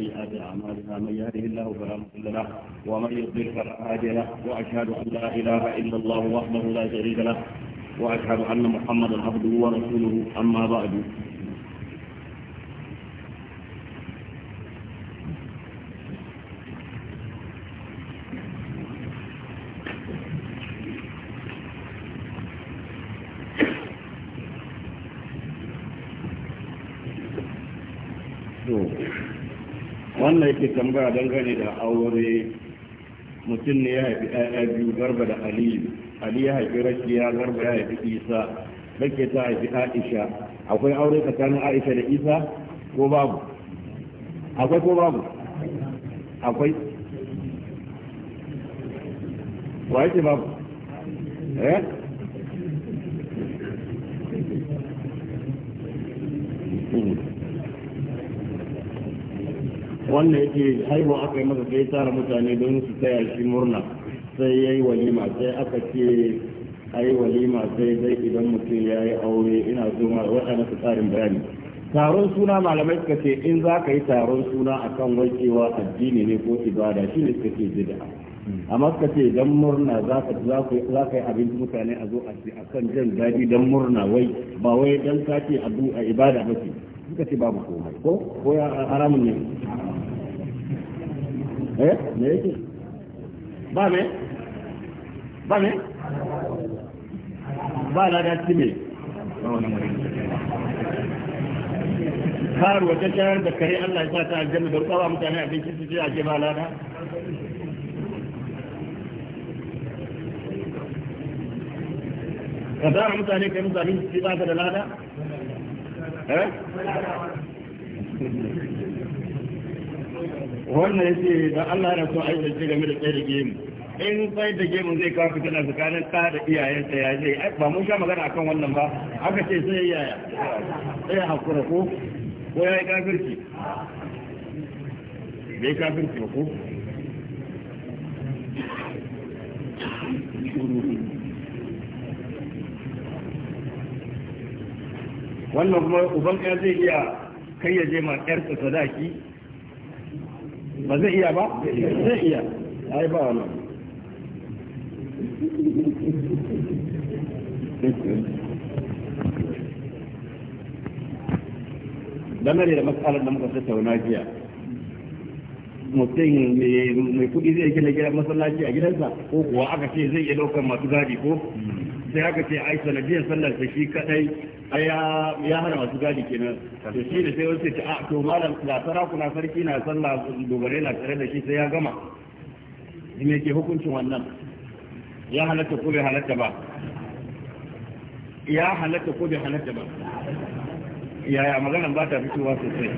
سيئات أعمالنا من يهده الله فلا مضل له ومن يضلل فلا هادي له وأشهد أن لا إله إلا الله وحده لا شريك له وأشهد أن محمدا عبده ورسوله أما بعد Thank you. wannan yake tambaya dangane da aure mutum ne ya haifi ɗaya biyu garba da aliyu ali ya haifi Rashiya garba ya haifi isa rake ta haifi aisha akwai aure tsakanin aisha da isa ko babu akwai ko babu akwai wa yake babu eh wanda yake haihuwa aka yi masa sai tara mutane don su taya shi murna sai ya yi walima sai aka ce a yi walima sai zai idan mutum ya yi aure ina so ma wata su tsarin bayani taron suna malamai suka ce in za ka yi taron suna akan waikewa addini ne ko ibada shi ne suka ce jida amma suka ce dan murna za ka yi abinci mutane a zo a ce akan jan daɗi dan murna wai ba wai dan sake ce a ibada ba suka ce babu komai ko ko haramun ne eh me yake ba me ba me ba na da kime har wata shayar da kare Allah ya sa ta aljanna da rukawa mutane a cikin su a ke ba lada ka tara mutane kai mutane su ba ka da lada eh wannan ya ce da Allah na so a yi da game da tsaye da gemu in tsaye da gemu zai kawo da tsakanin ta da ta ya zai ba mun sha magana akan wannan ba aka ce sai yaya sai hakura ko ko ya yi kafirci bai kafirci ba ko wannan kuma uban ya zai iya kai ya je ma ƴarsa sadaki ba zai iya ba zai iya ai ba wani ne da matsalar da muka tauna jiya mutum mai kudi zai gina gidan masallaci a gidansa ko kuwa aka ce zai iya daukar masu gadi ko sai aka ce ai sanadiyar sallar ta shi kadai Aya ya hana masu gadi kenan to shi da sai wasu ce a ah, to malam ga na sarki na sallah dogare na tare da shi sai ya gama shi ne ke hukuncin wannan ya halatta ko bai halatta ba ya halatta ko bai halatta ba yaya maganan ba ta fitowa sosai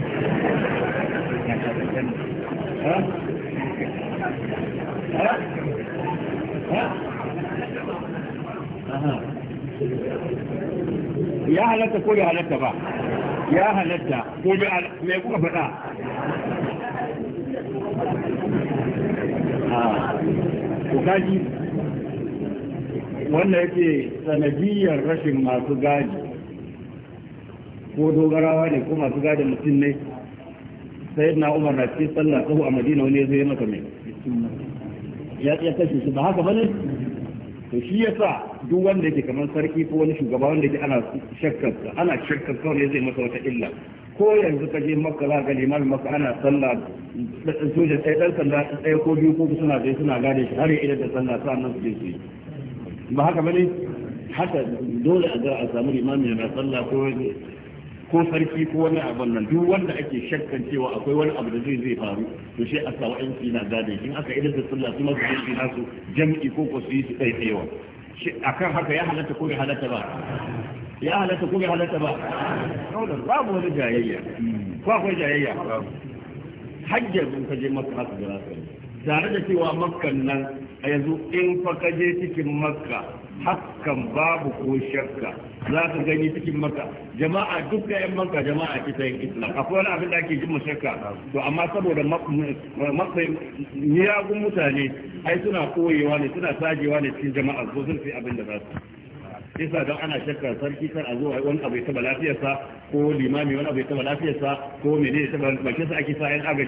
ha ha ha ya halatta ko bai halatta ba ya halatta ko bai mai kuka faɗa ko ah, kaji wannan yake sanadiyar rashin masu gadi ko dogarawa ne ko masu gadi mutum ne sai na umar na ce sallah tsohu a madina wani ya zai maka mai ya kashe shi ba haka bane to shi yasa duk wanda yake kamar sarki ko wani shugaba wanda yake ana shakkar ana shakkar kawai ne zai masa wata illa ko yanzu ka je makka za ga limamin makka ana sallah sojan ɗaya ɗan sanda ɗaya ko biyu ko suna je suna gane shi har ya idan da sallah sa'annan su je su yi ba haka bane haka dole a ga a samu limamin yana sallah ko ko sarki ko wani abin nan duk wanda ake shakkan cewa akwai wani abu da zai zai faru to shi a sawa yan na gadin in aka idan da sallah su masu yanki nasu jam'i ko ko su yi su kai tsayewa akan haka ya halatta ko bai halatta ba ya halatta ko bai halatta ba babu wani jayayya ko akwai jayayya hajjar in ka je makka haka da rasu tare da cewa makkan nan a yanzu in fa ka je cikin makka hakan babu ko shakka za ka gani cikin makka jama'a duka yan makka jama'a kita yin islam akwai wani abin da ake jin shakka to amma saboda makka miyagun mutane ai suna koyewa ne suna sajewa ne cikin jama'a ko sun fi abin da za su yasa don ana shakka sarki kar a zo wani abu ya taba lafiyarsa ko limami wani abu ya taba lafiyarsa ko mene ya taba bakin sa ake sa yan agaji